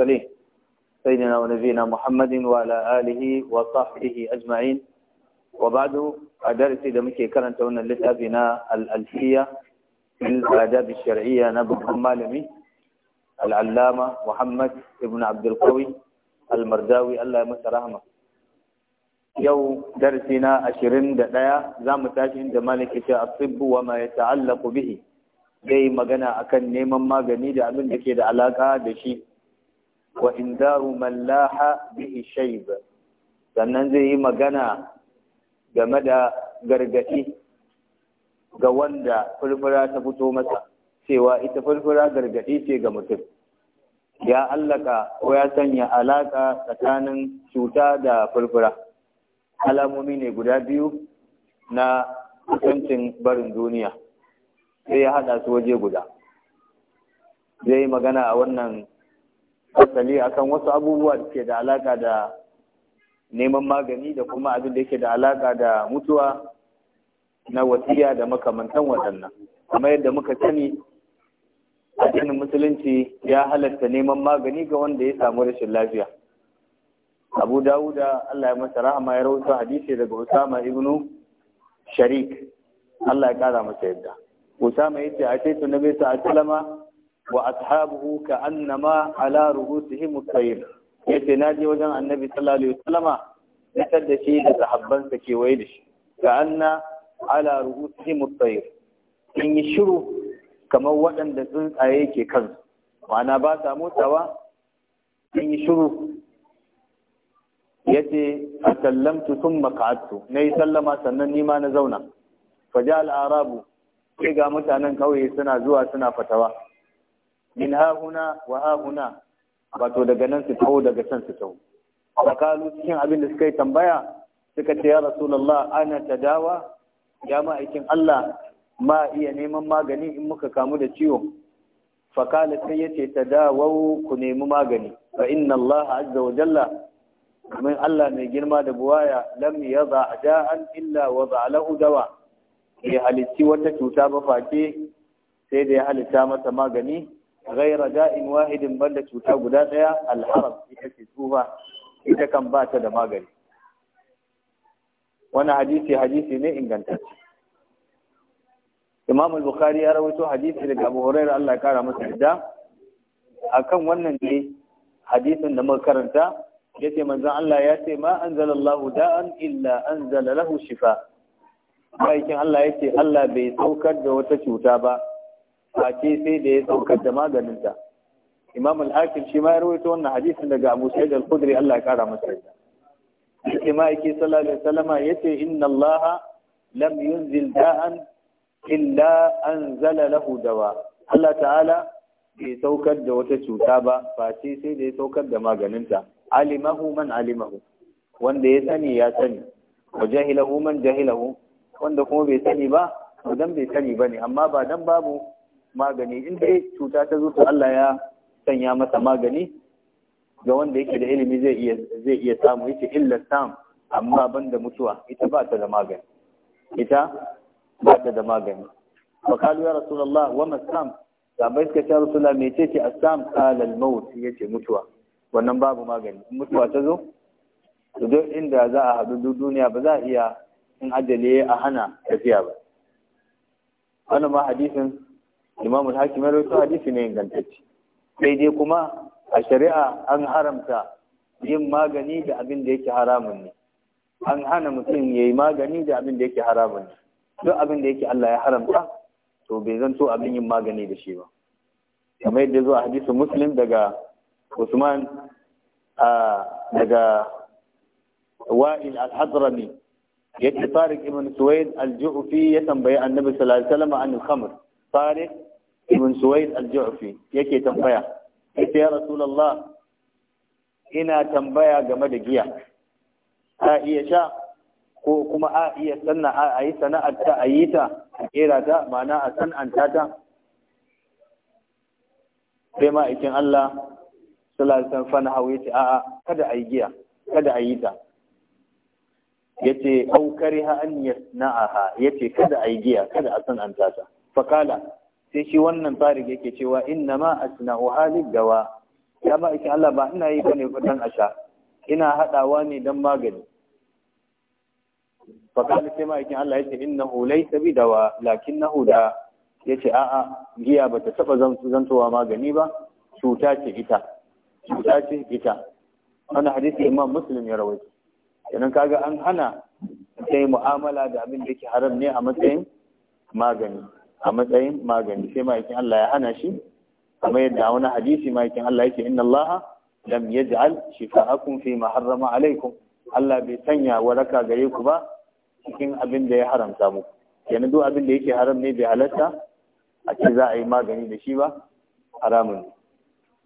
المرسلين سيدنا ونبينا محمد وعلى آله وصحبه أجمعين وبعد أدرس مكي كرنت هنا لتابنا الألفية في الآداب الشرعية نبو مالمي العلامة محمد ابن عبد القوي المرداوي الله يمسى رحمه يو درسنا أشرين دقايا زام تاشين دمالك mu tashi وما يتعلق به ce asibbu wa ma ya ta'allaku bihi zai magana akan neman wa indaru mallaha bihi shayb sannan zai yi magana game da gargadi ga wanda furfura ta fito masa cewa ita furfura gargaɗi ce ga mutum ya allaka ko ya sanya alaka tsakanin cuta da furfura alamomi ne guda biyu na kusancin barin duniya sai ya hada su waje guda zai yi magana a wannan fasali akan wasu abubuwa da ke da alaka da neman magani da kuma abin da yake da alaka da mutuwa na wasiya da makamantan waɗannan Kuma yadda muka sani addinin musulunci ya halatta neman magani ga wanda ya samu rashin lafiya abu dawuda allah ya masa rahama ya rawaito hadisi daga usama ibnu sharik allah ya kara masa yadda usama ya yace a taitu nabi a alaihi wa ashabuhu ka annama ala ruhusihim mutayyib yace naje wajen annabi sallallahu alaihi wasallama fitar da shi da sahabban sa kewaye da shi ka anna ala ruhusihim mutayyib in yi shiru kamar waɗanda tsuntsaye ke kan, ma'ana ba sa motsawa in yi shiru yace a sallamtu sun maka'attu na yi sallama sannan nima na zauna faja al'arabu sai ga mutanen kauye suna zuwa suna fatawa min ha huna wa ha huna wato daga nan su taho daga can su taho fakalu cikin abin da suka yi tambaya suka ce ya rasulullah ana ta dawa ya ma'aikin Allah ma iya neman magani in muka kamu da ciwo fakala sai yace tadawau ku nemi magani Ba inna Allah azza wa jalla kamar Allah mai girma da buwaya lam a da'an illa wa za lahu dawa ya halitti wata cuta ba face sai da ya halitta masa magani ghaira da'in wahidin banda cuta guda daya alharam ita ce tsufa ita kan ba ta da magani Wani hadisi hadisi ne ingantacce Imam al-Bukhari ya rawaito hadisi daga Abu Hurairah Allah ya kara masa yarda akan wannan ne hadisin da muka karanta yace manzon Allah ya ce ma anzalallahu da'an illa anzala lahu shifa bayan Allah yace Allah bai saukar da wata cuta ba face sai da ya saukar da maganinta imam al-hakim shi ma ya rawaito wannan hadisin daga abu sa'id al-khudri Allah ya kara masa yarda shi ma yake sallallahu alaihi wasallama yace inna Allah lam yunzil da'an illa anzala lahu dawa Allah ta'ala bai saukar da wata cuta ba face sai da ya saukar da maganinta alimahu man alimahu wanda ya sani ya sani wa jahilahu man jahilahu wanda kuma bai sani ba to dan bai sani bane amma ba dan babu magani in dai cuta ta zo to Allah ya sanya masa magani ga wanda yake da ilimi zai iya zai iya samu yace illa sam amma banda mutuwa ita ba ta da magani ita ba ta da magani fa kalu ya rasulullah wa ma sam bai suka ce rasulullah ce ce asam qala al-maut yace mutuwa wannan babu magani mutuwa ta zo to duk inda za a haɗu duniya ba za a iya in ajali a hana tafiya ba wannan ma hadisin imamul hakim ya rawaito hadisi ne ingantacce sai dai kuma a shari'a an haramta yin magani da abin da yake haramun ne an hana mutum ya yi magani da abin da yake haramun ne duk abin da yake Allah ya haramta to bai zan zanto abin yin magani da shi ba kamar yadda zuwa hadisin muslim daga usman daga wa'il al-hadrami yadda tariq ibn suwaid al-ju'fi ya tambayi annabi sallallahu alaihi wasallam an al-khamr tariq ibn suwaid al-ju'fi yake tambaya ya rasulullah ina tambaya game da giya a iya sha ko kuma a iya sanna a ayi sana'a ta a yi ta a kera ta ma'ana a san'anta ta sai ma'aikin Allah sallallahu alaihi hau fa a'a kada a yi giya kada a yi ta yace au an yasna'aha yace kada a yi giya kada a san'anta ta kala sai shi wannan farig yake cewa inna ma asna'u halid gawa ya ba ikin Allah ba ina yi bane fadan asha ina hadawa ne dan magani fa kana sai ma ikin Allah yace innahu laysa bi dawa lakinnahu da yace a'a giya ba ta taba zantowa magani ba cuta ce ita cuta ce ita Ana hadisi imam muslim ya rawaito kenan kaga an hana sai mu'amala da abin da ke haram ne a matsayin magani a matsayin magani sai ma'aikin Allah ya hana shi kamar yadda wani hadisi ma'aikin Allah yake inna Allah lam yaj'al shifa'akum fi ma harrama alaikum Allah bai sanya waraka gare ku ba cikin abin da ya haramta muku yana duk abin da yake haram ne bai halatta a ce za a yi magani da shi ba haramun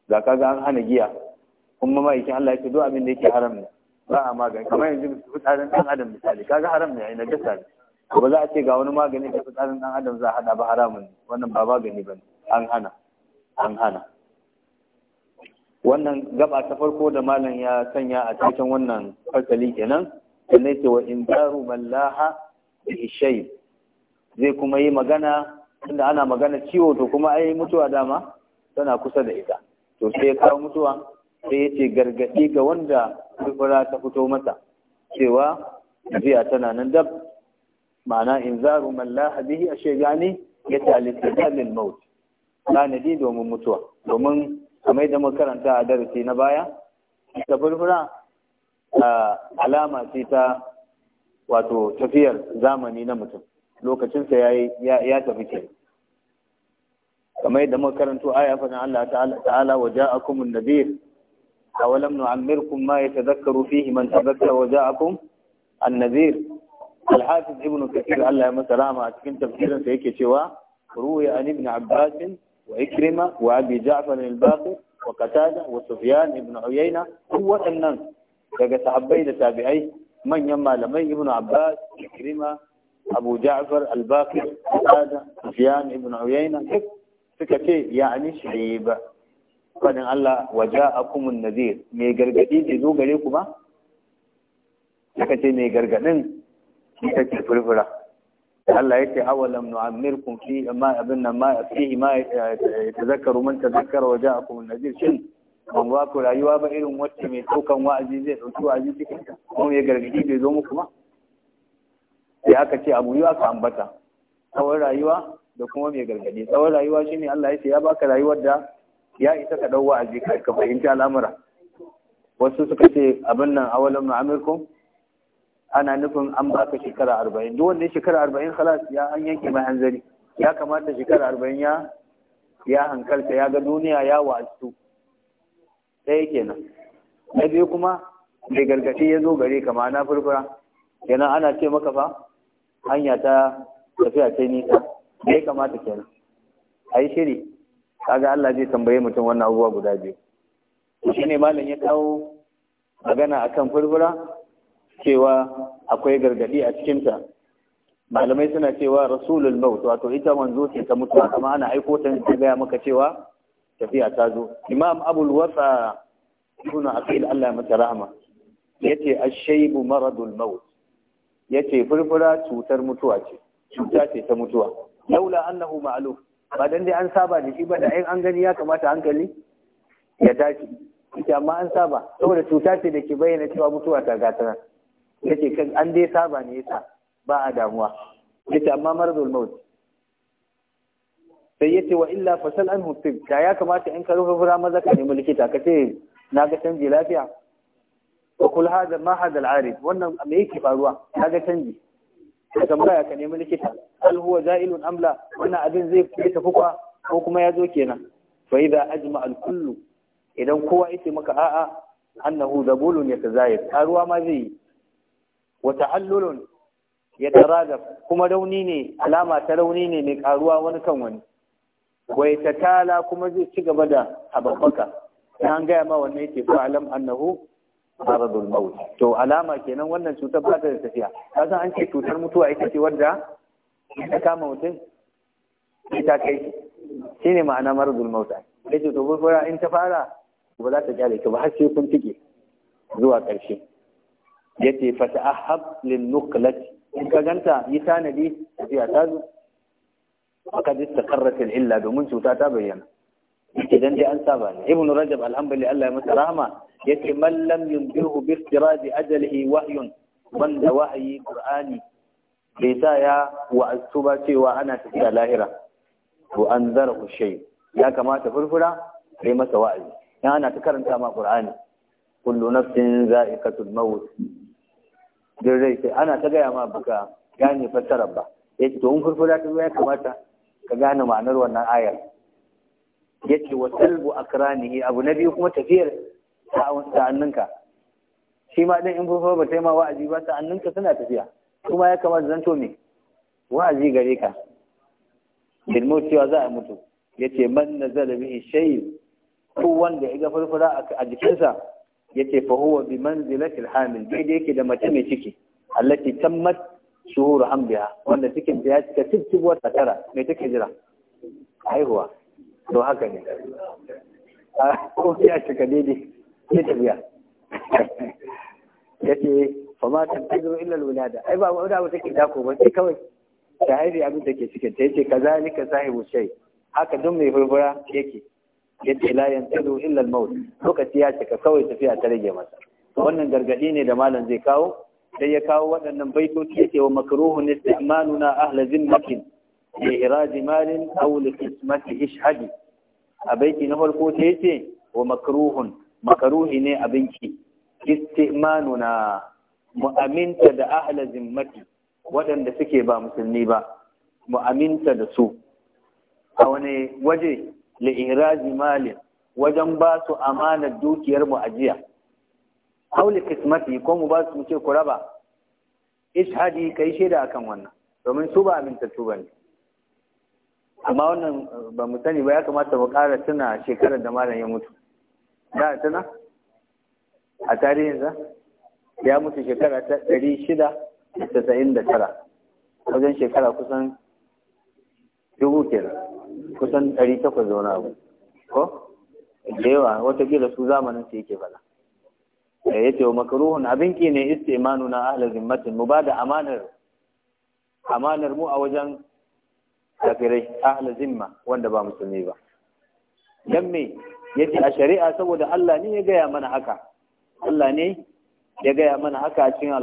za ka ga an hana giya kuma ma'aikin Allah yake duk abin da yake haram ne ba a magani kamar yanzu fitsarin ɗan adam misali kaga haram ne a yi gasa ne ba za a ce ga wani magani da fitsarin ɗan adam za a hada ba haramun wannan ba magani ba an hana an hana wannan gaba ta farko da malam ya sanya a cikin wannan fasali kenan sai yake wa 'In daru mallaha bi shay zai kuma yi magana tunda ana magana ciwo to kuma ai mutuwa dama tana kusa da ita to sai ya kawo mutuwa sai ya ce gargadi ga wanda furfura ta fito masa cewa jiya tana nan dab ma'ana in zaru mallaha bihi ashe gani ya talitta lil maut tanadi domin mutuwa domin kamar da muka karanta a darasi na baya ta furfura alama ce ta wato tafiyar zamani na mutum lokacinsa ya tafi ke kamar yadda muka karanto aya fadin Allah ta'ala wa ja'akum an-nadhir awalam nu'ammirkum ma yatadhakkaru fihi man tadhakkara wa ja'akum an-nadhir الحافظ ابن كثير الله مسلام أتكن تفسيرا سيكي شوا روي عن ابن عباس وإكرمة وأبي جعفر الباقر وقتادة وسفيان ابن عيينة هو النن daga sahabbai da tabi'ai manyan malamai ibn abbas ikrima abu ja'far al-baqir sada sufyan ibn uyayna duk suka ce ya'ani shayba fadin Allah waja'akumun nadhir me gargadi ke ku ba suka ce me gargadin ita ce furfura Allah ya ce awalam nu'ammirkum fi ma abin nan ma fihi ma tazakkaru man tazakkara wa ja'akum an-nadhir shin ban ba ku rayuwa ba irin wacce mai daukan wa'azi zai dauki wa'azi cikin ta kuma mai gargadi bai zo muku ba sai aka ce abu yiwa ka ambata tsawon rayuwa da kuma mai gargadi tsawon rayuwa shine Allah ya ce ya baka rayuwar da ya isa ka dau wa'azi ka fahimci al'amura wasu suka ce abin nan awalam nu'ammirkum ana nufin an baka shekara arba'in duk wanda shekara arba'in halas ya an yanke mai hanzari ya kamata shekara arba'in ya ya hankalta ya ga duniya ya wasu ɗaya kenan na biyu kuma mai gargashi ya zo gare ka ma'ana furfura kenan ana ce maka fa hanya ta tafiya ce nisa ya kamata kenan a yi shiri kaga Allah zai tambaye mutum wannan abubuwa guda biyu shi ne malam ya kawo magana akan furfura cewa akwai gargadi a cikinta malamai suna cewa rasulul maut wato ita manzo ce ta mutuwa kuma ana aiko ta ne ga maka cewa tafiya ta zo imam abul wasa kuna aqil Allah ya mata rahama yace ash-shaybu maradul maut yace furfura cutar mutuwa ce cuta ce ta mutuwa laula annahu ma'luf ba dan dai an saba da shi ba da in an gani ya kamata hankali ya tashi ita amma an saba saboda cuta ce da ke bayyana cewa mutuwa ta gata yake kan an dai saba ne yasa ba a damuwa yace amma marzul maut sai yace wa illa fasal anhu tib da ya kamata in ka rufe fura maza ka nemi likita ka ce na ga canji lafiya wa kul hada ma hada al arif wannan me yake faruwa na ga canji ka tambaya ka nemi likita al huwa za'ilun amla wannan abin zai tafi fuka ko kuma ya zo kenan fa idza ajma al kullu idan kowa yace maka a'a annahu zabulun yatazayid ruwa ma zai yi Wata ta'allulun ya taradaf kuma ne alama ta rauni ne mai karuwa wani kan wani Wai ta tala kuma zai ci gaba da hababbaka na an gaya ma wannan yake ko alam annahu maradul maut to alama kenan wannan cutar ba ta da tafiya kasan an ce cutar mutuwa ita ce wadda ta kama mutum ita kai shine ma'ana maradul maut yace to gurgura in ta fara ba za ta kyale ki ba har sai kun tike zuwa ƙarshe yace fata ta'ahhab lin nuqlat in ka ganta yi tanadi tafiya ta zo aka istaqarrat al illa domin cuta ta bayyana idan dai an saba ne ibn rajab alhamdulillah Allah ya masa rahama yace man lam yunbihu bi iftiradi ajalihi wahyun wanda wahayi qur'ani bai sa ya wa'azu ba cewa ana tafiya lahira to an zarahu shay ya kamata furfura sai masa wa'azi in ana ta karanta ma qur'ani kullu nafsin za'iqatul maut don rai sai ana ta gaya ma buka gane fassarar ba ya ce to in furfura ta ya kamata ka gane ma'anar wannan ayar ya ce wa salbu akranihi abu na biyu kuma tafiyar sa'anninka shi ma ɗin in furfura ba ta yi ma wa'azi ba sa'anninka suna tafiya kuma ya kamata to me wa'azi gare ka ilmu cewa za a mutu ya ce man nazara bihi shay ko wanda ya ga furfura a jikinsa yake fa huwa bi manzilati al-hamil daidai yake da mace mai ciki allati tammat shuhur hamdiha wanda cikin ta ya cika cikin wata tara mai take jira haihuwa to haka ne ko ya cika daidai ne tafiya yace fa ma tantaziru illa al-wilada ai ba wanda ba take dako ba sai kawai ta haihu abin da ke cikin ta yace kazalika sahibu shay haka duk mai furfura yake yadda la yantalu illa al-maut lokaci ya cika kawai tafiya ta rage masa wannan gargadi ne da malam zai kawo sai ya kawo waɗannan baitoci yake wa makruhun istimanuna ahla zimmatin bi iradi malin aw li qismati ishhadi a baiti na farko sai yace wa makruhun makruhi ne abinci istimanuna mu aminta da ahla zimmati waɗanda suke ba musulmi ba mu aminta da su a wani waje li'iraji malin wajen ba su amanar dukiyar mu ajiya hauli kismati ko mu ba su ce ku raba ishadi kai shaida akan wannan domin su ba amintattu bane amma wannan ba mu sani ba ya kamata mu ƙara tuna shekarar da malam ya mutu da tuna a tarihinsa ya mutu shekara ta ɗari shida da tasa'in da tara wajen shekara kusan dubu kenan kusan ɗari takwas zauna abu ko da yawa watakila su zamanin su yake bala ya ce wa makaruhun abin ki ne imanu na ahalar zimmatin mu ba da amanar amanar mu a wajen tafirai ahalar zimma wanda ba musulmi ba don me yace a shari'a saboda Allah ne ya gaya mana haka Allah ne ya gaya mana haka a cikin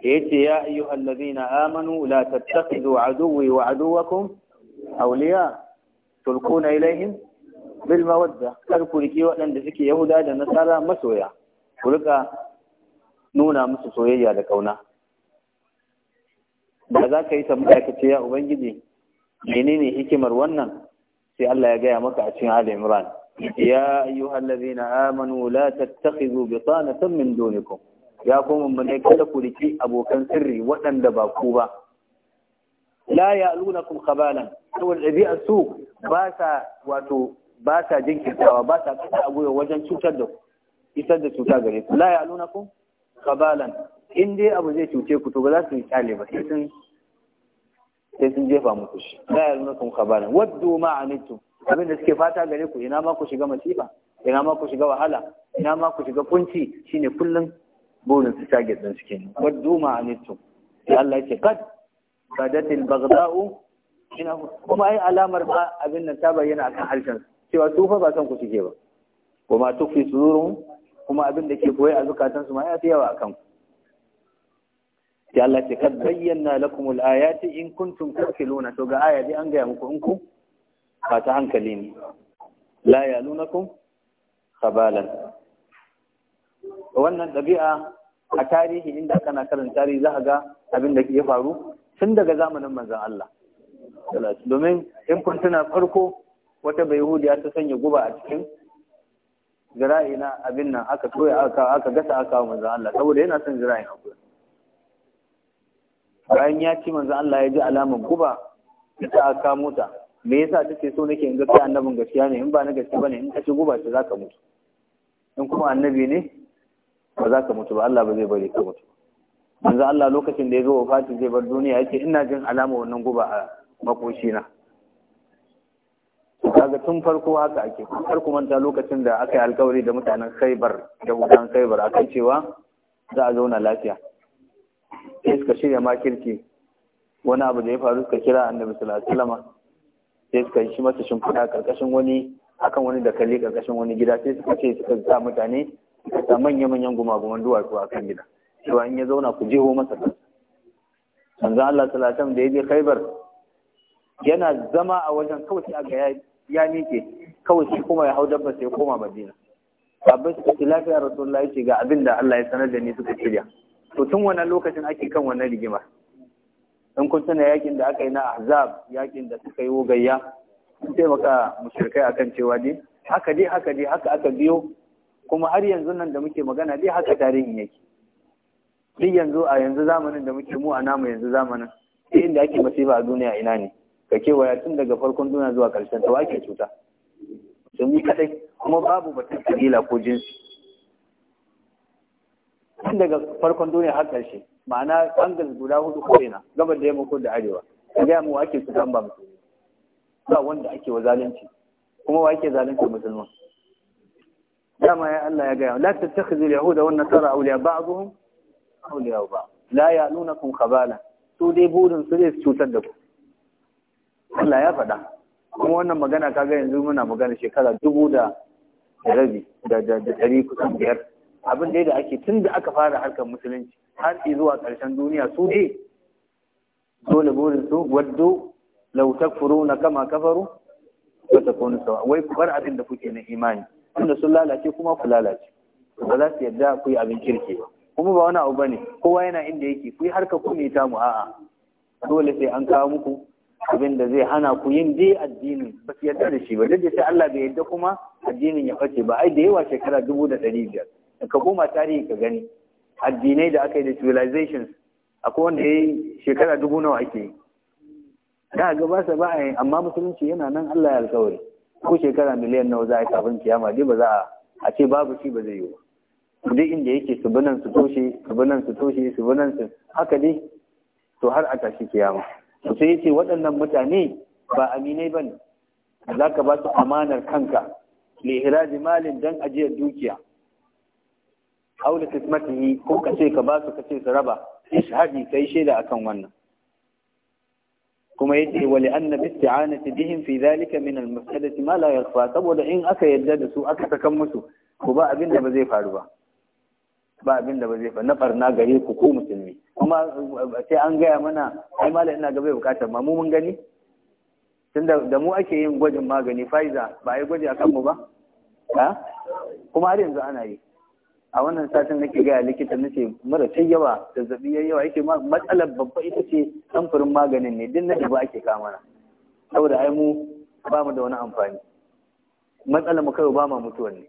ya ce ya ayyuhallazina amanu la tattakhidhu aduwwi wa aduwwakum auliya tulquna ilaihim bil mawadda kar ku riki waɗanda suke yahuda da nasara masoya ku rika nuna musu soyayya da kauna da za ka yi tambaya ka ce ya ubangiji menene hikimar wannan sai Allah ya gaya maka a cikin Ali Imran ya ayyuhal ladina amanu la tattakhidhu bitanatan min dunikum ya kuma mun kada ku riki abokan sirri waɗanda ba ku ba la ya'lunakum Kabalan, saboda ɗabi'ar su ba sa wato ba sa jinkirtawa ba sa kada a goyo wajen cutar da isar da cuta gare ku la ya'lunakum kabalan in dai abu zai cuce ku to ba za su yi kyale ba sai sun sai sun jefa muku shi la ya'lunakum Kabalan, waddu ma'anittum abin da suke fata gare ku ina ma ku shiga masifa ina ma ku shiga wahala ina ma ku shiga kunci shine kullum burin su target din suke waddu ma'anittum Allah ya ce kad badatil baghda'u ina kuma ai alamar ba abin nan ta bayyana akan harshen cewa su fa ba san ku cike ba kuma tufi sururum kuma abin da ke koyi a zukatan su ma ya fi yawa akan ku Ya Allah ce kad bayyana lakum al-ayati in kuntum tafiluna to ga aya dai an ga muku in ku ba ta hankali ne la yalunakum khabalan wannan dabi'a a tarihi inda kana karanta tarihi za ga abin da ke faru tun daga zamanin manzan Allah domin in kun tuna farko wata bai ya ta sanya guba a cikin zira'i na abin nan aka toya aka aka gasa aka wa manzan Allah saboda yana son na akuya bayan ya ci manzan Allah ya ji alamar guba ta aka mota me yasa take so nake in ga kai annabin gaskiya ne in ba na gaskiya bane in ka ci guba ce zaka mutu in kuma annabi ne ba za ka mutu ba Allah ba zai bari ka mutu ba manzo Allah lokacin da ya zo wafati zai bar duniya yake ina jin alama wannan guba a makoshi na kaga tun farko haka ake har ku manta lokacin da aka yi alkawari da mutanen Khaibar da mutanen Khaibar akan cewa za a zauna lafiya sai suka shirya makirki wani abu da ya faru suka kira annabi sallallahu alaihi wasallam sai suka shi masa shimfiɗa karkashin wani akan wani da kalli karkashin wani gida sai suka ce suka sa mutane suka sa manya-manyan gumaguman duwatsu a kan gida cewa in ya zauna ku jeho masa kansa manzon Allah Salatan da ya je Khaibar yana zama a wajen kawai sai aga ya miƙe kawai kuma ya hau dabba sai koma Madina abin su ce lafiya Rasulullahi ce ga abin da Allah ya sanar da ni suka shirya to tun wannan lokacin ake kan wannan rigima in kun tana yakin da aka yi na Ahzab yakin da suka yi wogayya sun taimaka mushrikai akan cewa dai haka dai haka dai haka aka biyo kuma har yanzu nan da muke magana dai haka tarihin yake duk yanzu a yanzu zamanin da muke mu a namu yanzu zamanin duk inda ake masifa a duniya ina ne ka kewaya tun daga farkon duniya zuwa karshen ta wake cuta domin kadai kuma babu batun kabila ko jinsi tun daga farkon duniya har karshe ma'ana bangal guda hudu ko ina gabar da yamma ko da arewa ka gaya mu wake cuta ba musulmi ba wanda ake wa zalunci kuma wa zalunci musulman dama ya Allah ya gaya la tattakhidhu al-yahuda wan nasara awliya ba'dhum auliya ba la ya nuna kun kabala su dai burin su zai cutar da ku Allah ya faɗa kuma wannan magana kaga yanzu muna magana shekara dubu da rabi da ɗari kusan biyar abin dai da ake tun da aka fara harkar musulunci har zuwa ƙarshen duniya su dai dole burin su waddo lau na kama kafaru wa takunu sawa wai ku bar abin da kuke na imani tunda sun lalace kuma ku lalace ba za su yarda ku yi abin kirki ba kuma ba wani abu bane kowa yana inda yake ku yi harka ku ne ta mu a'a dole sai an kawo muku abin da zai hana ku yin dai addinin ba su yarda da shi ba duk da sai Allah bai yarda kuma addinin ya bace ba ai da yawa shekara dubu da ɗari biyar ka koma tarihi ka gani addinai da aka yi da civilizations akwai wanda ya yi shekara dubu nawa ake yi da ga ba sa ba a yi amma musulunci yana nan Allah ya alkawari ko shekara miliyan nawa za a yi kafin kiyama dai ba za a a ce babu shi ba zai yi ba duk inda yake su binan su toshe su binan su toshe su binan su haka dai to har a tashi kiyama to sai yace waɗannan mutane ba aminai bane za ka ba su amanar kanka li ihraji malin dan ajiyar dukiya aw li kismatihi ko ka ce ka ba su ka ce su raba ishhadi kai shaida akan wannan kuma yace wa li'anna bi isti'anati bihim fi dhalika min al-mafsadati ma la yakhfa saboda in aka yadda da su aka sakan musu ko ba abin da ba zai faru ba ba abin da ba zai fa na barna gare ku ko musulmi kuma eh, sai an gaya mana ai malam ina ga bai bukatar ma mu mun gani tunda da mu ake yin gwajin magani Pfizer ba ai gwaji akan mu ba ha kuma har yanzu ana yi a wannan satin nake gaya likita nace mara ta yawa zazzabi yayi yawa yake matsalar babba ita ce samfurin maganin ne din na ba ake kama na saboda ai mu ba mu da wani amfani matsalar mu kai ba ma mutuwan ne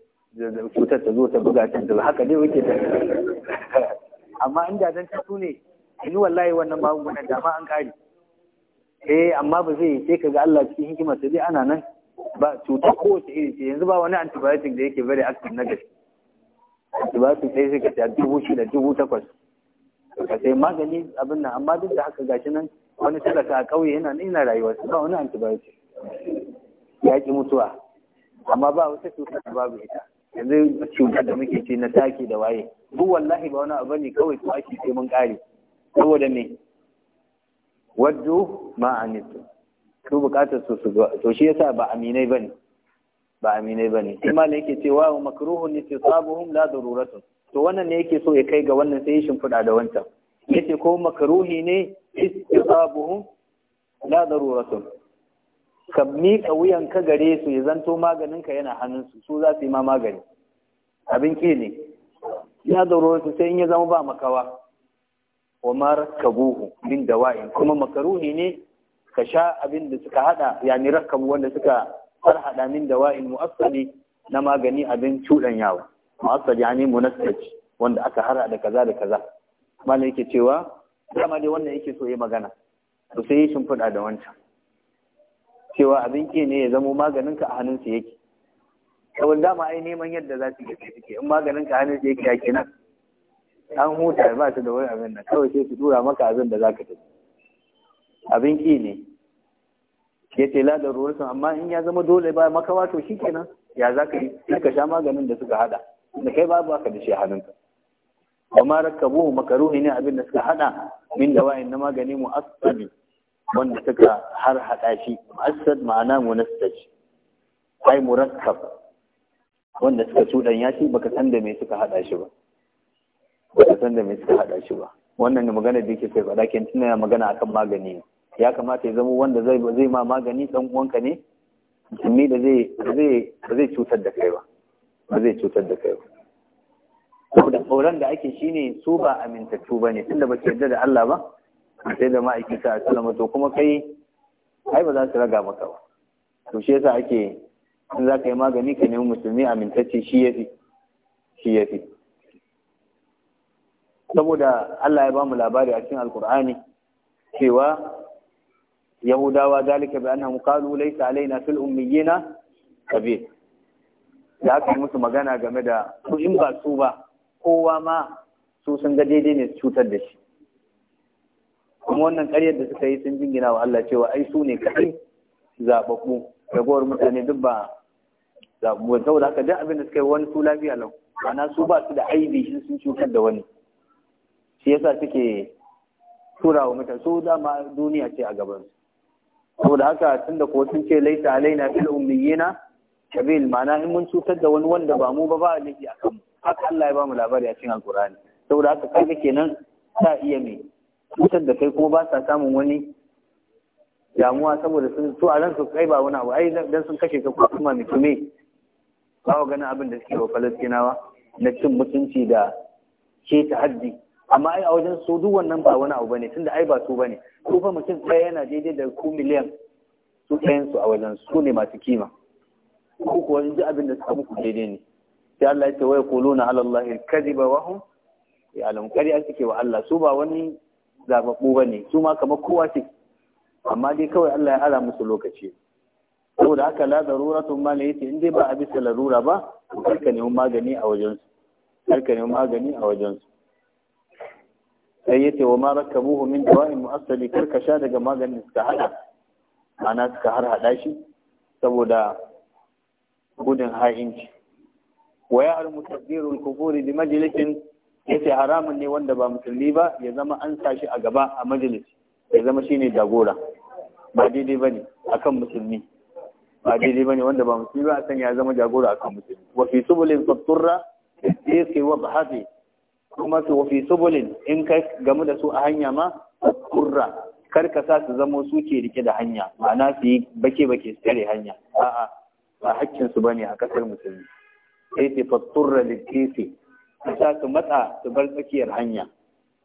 cutar ta zo ta buga can ta haka dai wuce ta amma in da dan ta ne ni wallahi wannan magungunan da ma an kare eh amma ba zai sai kaga Allah cikin hikima sai ana nan ba cutar kowace iri ce yanzu ba wani antibiotic da yake bari active na gaske antibiotic sai ka ta dubu shida dubu takwas ka sai magani abin nan amma duk da haka gashi nan wani talaka a ƙauye yana nan yana rayuwa ba wani antibiotic ya ki mutuwa amma ba wata cutar da babu ita yanzu cutar da muke ce na taki da waye duk wallahi ba wani abu ne kawai ko ake sai mun kare saboda me waddu ma anitu su bukatar su su to shi yasa ba aminai bane ba aminai bane sai ne yake ce, cewa makruhun istisabuhum la daruratu to wannan ne yake so ya kai ga wannan sai ya fuda da wancan yace ko makruhi ne istisabuhum la daruratu ka miƙa wuyanka gare su ya zanto maganinka yana hannunsu su za su yi ma magani abin ke ne ya zauro su sai in ya zama ba makawa wa mar kabuhu min dawa'in kuma makaruhi ne ka sha abin da suka hada yani rakkabu wanda suka farhada min dawa'in mu'assali na magani abin cuɗanyawa mu'assali yani munassaj wanda aka hara da kaza da kaza malam yake cewa dama dai wannan yake so ya magana to sai ya shimfiɗa da wancan cewa abin ke ne ya zamo ka a hannunsu yake saboda dama ai neman yadda za su gaske suke in maganin ka hannunsu yake ya kenan an huta ba su da wani abin nan kawai sai su tura maka abin da za ka tafi abin ki ne ya ce la da ruwarsu amma in ya zama dole ba maka wato shi kenan ya za ka yi sai ka sha maganin da suka hada da kai babu aka da shi a hannunka wa ma rakkabuhu makaruhi ne abin da suka hada min da wa'in na magani mu asali wanda suka har haɗa shi Asad ma'ana munassaj ai murakkab wanda suka cuɗanya shi baka san da me suka haɗa shi ba baka san da me suka haɗa shi ba wannan ne magana da yake kai faɗa kin tuna magana akan magani ya kamata ya zama wanda zai zai ma magani dan uwanka ne musulmi da zai zai zai cutar da kai ba ba zai cutar da kai ba saboda tsoron da ake shine su ba amintattu bane tunda ba yarda da Allah ba sai da ma'aikata a salama to kuma kai ai ba za su raga maka ba to shi yasa ake in za ka yi magani ka nemi musulmi amintacce shi ya fi shi ya fi saboda Allah ya bamu labari a cikin alkur'ani cewa yahudawa dalika bi annahum qalu laysa alaina fil ummiyina kabir da aka yi musu magana game da su in ba su ba kowa ma su sun ga daidai ne su cutar da shi kuma wannan ƙaryar da suka yi sun jingina wa Allah cewa ai su ne kaɗai zaɓaɓɓu ragowar mutane duk ba zaɓaɓɓu saboda haka duk abin da suka yi wani su lafiya lau ana su ba su da aibi shi sun cutar da wani shi yasa suke tura wa mutane su dama duniya ce a gaban su saboda haka da kuwa sun ce laita alaina fil ummiyina kabil ma'ana in mun cutar da wani wanda ba mu ba ba laifi akan mu haka Allah ya ba mu labari a cikin alkurani saboda haka kai kenan ta iya mai cutar da kai kuma ba sa samun wani damuwa saboda sun so a ransu kai ba wani abu ai dan sun kashe ka ko kuma mutume ba wa ganin abin da suke wa falastinawa na cin mutunci da ke ta haddi amma ai a wajen su duk wannan ba wani abu bane tunda ai ba su bane ko fa mutum ɗaya yana daidai da ku miliyan su ɗayan su a wajen su ne masu kima ko kuwa in ji abin da suka muku daidai ne sai Allah ya ce wai kuluna ala Allah kadiba wa hum ya alam kari suke wa Allah su ba wani zababbu ba ne su ma kamar kowa ce amma dai kawai Allah ya ala musu lokaci saboda haka la darura tun ma yace in dai ba a bisa larura ba kar ka nemi magani a wajen su kar nemi magani a wajen su sai yace wa ma rakabuhu min dawa'in mu'assali kar ka sha daga maganin suka hada ana suka har hada shi saboda gudun ha'inci wa ya'lamu tadbirul kufuri bi majlisin ce haramun ne wanda ba musulmi ba ya zama an sa shi a gaba a majalis ya zama shine jagora ba daidai bane akan musulmi ba daidai bane wanda ba musulmi ba san ya zama jagora akan musulmi wa fi subulin fatturra yake wa bahati kuma su wa fi subulin in ka gamu da su a hanya ma kurra kar ka sa su zamo su ke rike da hanya ma'ana su yi bake bake su tare hanya a'a ba hakkin su bane a kasar musulmi sai ce fatturra da kefe kasa su matsa su bar tsakiyar hanya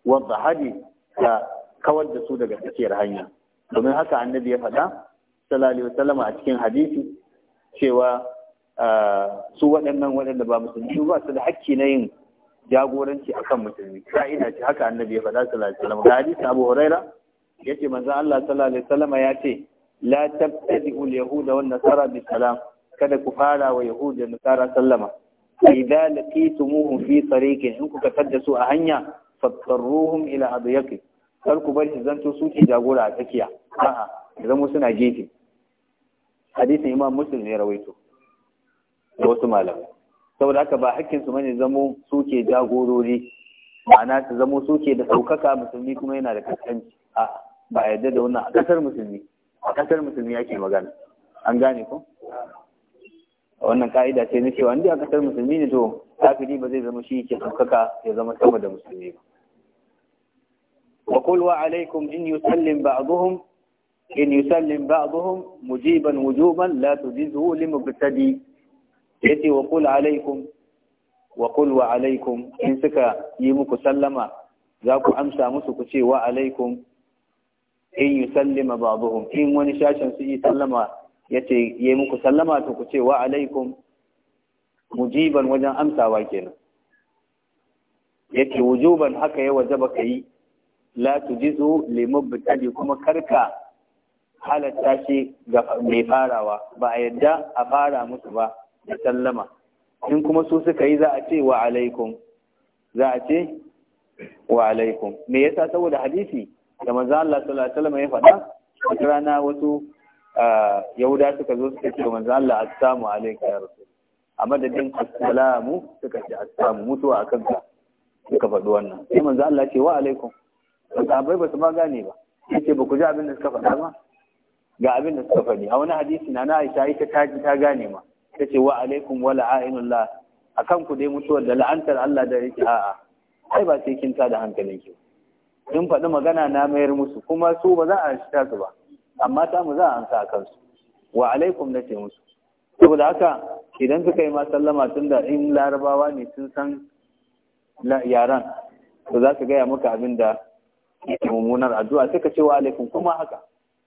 wanda hadi ta kawar da su daga tsakiyar hanya domin haka annabi ya faɗa sallallahu alaihi a cikin hadisi cewa su waɗannan waɗanda ba musulmi ba su da hakki na yin jagoranci akan musulmi ina ce haka annabi ya faɗa sallallahu alaihi wasallam da hadisi Abu Huraira yace manzo Allah sallallahu alaihi ya ce la tabtadi'u al-yahuda wan nasara bi salam kada ku fara wa yahuda da nasara sallama idza laqitumuhum fi tariqin in kuka da su a hanya ruhun ila adyaqi kar ku bari zan su suke jagora a tsakiya a'a zamo na gefe hadisin imam muslim ne rawaito da wasu malam. saboda haka ba hakkin su bane zamo suke jagorori ma'ana su zamo suke da saukaka musulmi kuma yana da kaskanci a ba a yadda da wannan a kasar musulmi a kasar musulmi ake magana an gane ku? wannan ka'ida ce na cewa inda a kasar musulmi ne to kafiri ba zai zama shi ke ɗaukaka ya zama sama da musulmi ba wa qul wa alaikum in yusallim ba'dhum in yusallim ba'dhum mujiban wujuban la tujizuhu li mubtadi yace wa qul alaikum wa qul wa alaikum in suka yi muku sallama za ku amsa musu ku ce wa alaikum in yusallima ba'dhum in wani shashin su yi sallama Ya yace yi muku sallama to ku ce wa alaikum mujiban wajen amsawa kenan ce wujuban haka ya yi' latu jizo lemun bitali kuma karka halatta shi ga mai farawa ba a yadda a fara musu ba da sallama in kuma su suka yi za a ce wa alaikum za a ce wa alaikum me yasa saboda hadisi da manzo Allah sallallahu alaihi wasallam ya faɗa wata rana wasu yahuda suka zo suka ce manzo Allah assalamu alayka ya rasul a madadin assalamu suka ce assalamu mutuwa akan ka suka faɗi wannan sai manzo Allah ce wa alaikum sahabbai ba su ma gane ba yace ba ku ji abin da suka faɗa ba ga abin da suka faɗi a wani hadisi na na Aisha ita ta ji ta gane ma tace wa alaikum wa la'inullah akan ku dai mutuwar da la'antar Allah da yake a'a ai ba sai kin ta da hankalin ki in faɗi magana na mayar musu kuma su ba za a shi ta su ba amma ta mu za a ansa a kansu wa alaikum na ce musu saboda haka idan suka yi ma sallama tun da in larabawa ne sun san yaran to za su gaya maka abin da mummunar addu'a sai ka ce wa alaikum kuma haka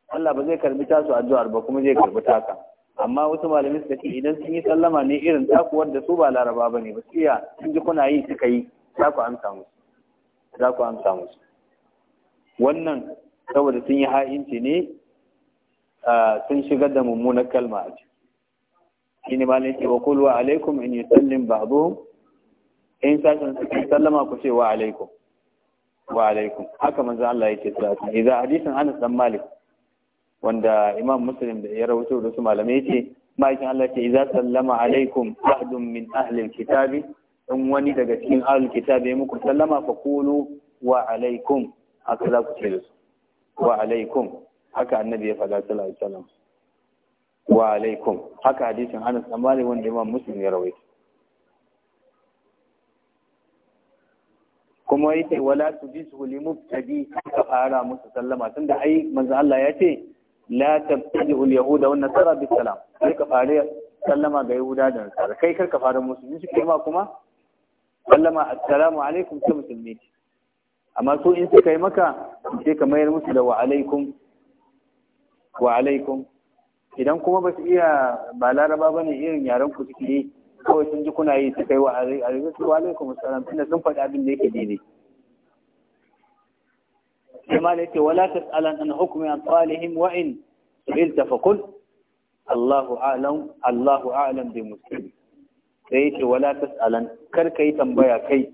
Allah ba zai karbi tasu addu'ar ba kuma zai karbi taka amma wasu malamai suka ce idan sun yi sallama ne irin takuwar wanda su ba laraba ba ne ba su iya sun ji kuna yi suka yi za ku amsa musu wannan saboda sun yi ha'inci ne sun shigar da mummunar kalma a ciki shine malin ce wa kul wa alaikum in yusallim ba'dhum in sashin su sallama ku ce wa alaikum wa alaikum haka manzan Allah yake tsaya idan hadisun Anas san Malik wanda Imam Muslim da ya rahoto da su malamai ce, ma'aikin Allah ce iza sallama alaikum ahdun min ahlil kitabi, in wani daga cikin ahlil kitabi ya muku sallama fa Kulu wa alaikum haka za ku ce da su wa alaikum haka annabi ya faɗa sallallahu alaihi wasallam wa alaikum haka hadisin Anas dan Malik wanda Imam Muslim ya rawaito kuma yace wala tujisu li mubtadi ka fara musu sallama tunda ai manzo Allah ya ce la tabtadi al yahuda wa nasara bi salam kai ka fara sallama ga yahuda da nasara kai kar ka fara musulmi suke ma kuma sallama assalamu alaikum ta musulmi amma su in suka yi maka sai ka mayar musu da wa alaikum wa alaikum idan kuma ba su iya ba laraba ba ne irin yaren ku suke yi kawai sun ji kuna yi su kai, wa alaikum wa alaikum salam tunda sun faɗi abin da yake daidai kuma da ce wala tas'alan an hukmi an talihim wa in su'ilta fa qul Allahu a'lam Allahu a'lam bi muslim sai yake wala tas'alan kar ka yi tambaya kai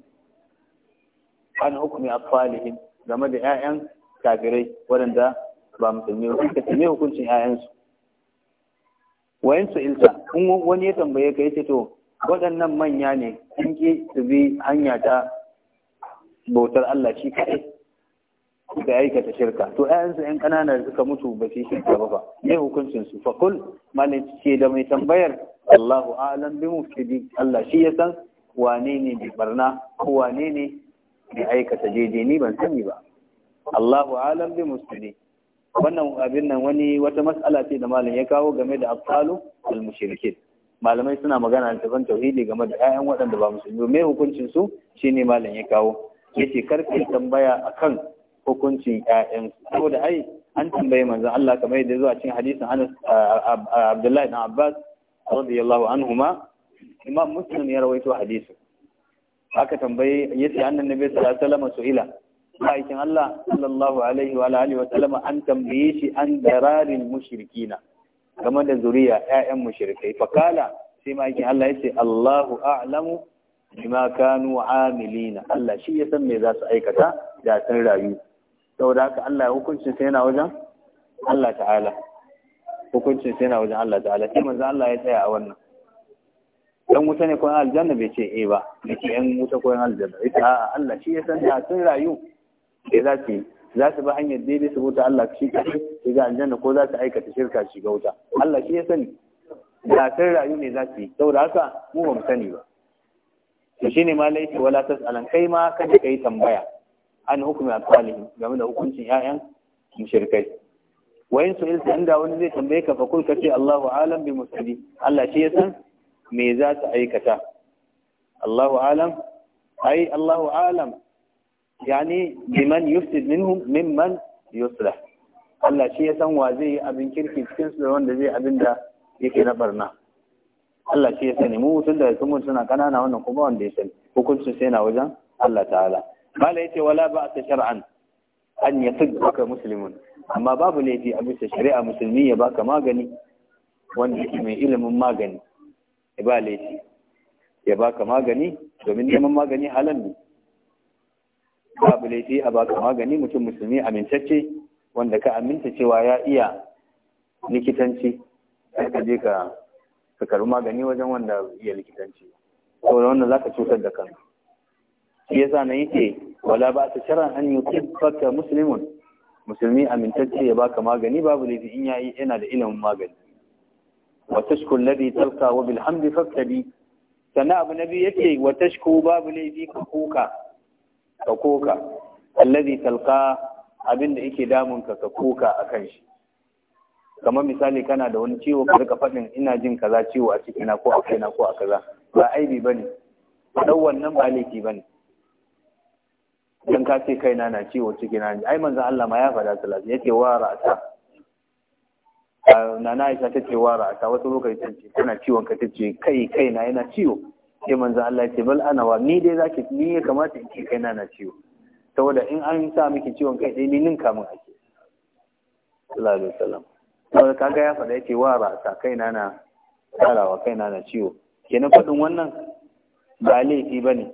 an hukmi atfalihim game da ƴaƴan kafirai waɗanda ba sanye ba ka sanye hukuncin ƴaƴansu wayan su ilta in wani ya tambaye ka yace to waɗannan manya ne sun ki su bi hanya ta bautar Allah shi kaɗai suka aikata shirka to ƴaƴansu 'yan ƙananan da suka mutu ba su yi shirka ba ba ne hukuncin su fa kul malin ce da mai tambayar Allahu a'lam bi muftidi Allah shi ya san wane ne bi barna ko wane ne bi aikata daidai ni ban sani ba Allahu a'lam bi muftidi wannan abin nan wani wata mas'ala ce da malam ya kawo game da afsalu al mushrikin malamai suna magana da ban tauhidi game da ƴaƴan waɗanda ba musulmi me hukuncin su shine malam ya kawo yace karfe tambaya akan hukuncin ƴaƴan saboda ai an tambaye manzon Allah kamar yadda zuwa cikin hadisin Anas Abdullahi bin Abbas radiyallahu anhuma Imam Muslim ya rawaito hadisin aka tambaye yace annabi sallallahu alaihi wasallam su'ila ma'aikin Allah sallallahu alaihi wa alihi wa sallama an tambaye shi an dararin mushrikina game da zuriya ƴaƴan mushrikai kala sai ma'aikin Allah yace Allahu a'lamu bima kanu amilina Allah shi ya san me za su aikata da san rayu saboda haka Allah hukuncin sai yana wajen Allah ta'ala hukuncin sai yana wajen Allah ta'ala sai manzo Allah ya tsaya a wannan dan wuta ne ko aljanna bai ce eh ba ne ce yan wuta ko yan aljanna ita Allah shi ya san da sun rayu sai eh, za su za su bi hanyar daidai su bauta Allah shi shi ga aljanna ko za su aikata shirka shiga wuta Allah shi ya sani da sun rayu ne za su yi saboda haka mu ba mu sani ba to shine ma laifi wala tasalan kai ma kada kai tambaya an hukumi asalihi game da hukuncin ƴaƴan mushrikai wa in ilta inda wani zai tambaye ka fa kul ce Allahu alam bi musali Allah shi ya san me za su aikata Allahu alam ai Allahu alam yani liman yufsid minhum mimman yuslah Allah shi ya san wa zai yi abin kirki cikin su da wanda zai abin da yake na barna Allah shi ya sani mu tun da kuma suna kanana wannan kuma wanda ya sani hukuncin sai na wajen Allah ta'ala mala yace wala ba ta shar'an an yasiddaka muslimun amma babu laifi a bisa shari'a musulmi ya baka magani wanda yake mai ilimin magani ya ba laifi ya baka magani domin neman magani halal ne babu laifi a baka magani mutum musulmi amintacce wanda ka aminta cewa ya iya likitanci sai ka je ka ka karbi magani wajen wanda iya likitanci saboda wannan zaka cutar da kanka shi yasa na yake wala ba ta sharan an yusibbaka Musulmin? musulmi amintacce ya baka magani babu laifi in yayi yana da ilimin magani wa tashku alladhi talqa wa bil hamdi faktabi sannan abu nabi yake wa tashku babu laifi ka kuka ka koka allazi talqa abin da yake damun ka ka koka akan shi kamar misali kana da wani ciwo ka rika faɗin ina jin kaza ciwo a cikina ko a kaina ko a kaza ba aibi bane dan wannan ba laifi bane dan ka ce kaina na ciwo cikina ai manzo Allah ma ya faɗa sallallahu yake wa ra'ata ah, na na aisha ta ce wara ta wasu lokaci ce tana ciwon ka ta ce kai kai na yana ciwo sai manzo Allah ce bal ana wa ni dai zaki ni ya kamata in ce kai na na ciwo saboda in an sa miki ciwon kai dai ni ninka min ake sallallahu alaihi wasallam saboda kaga ya faɗa yake wa rasa kai na na wa kai na na ciwo kenan faɗin wannan ba laifi bane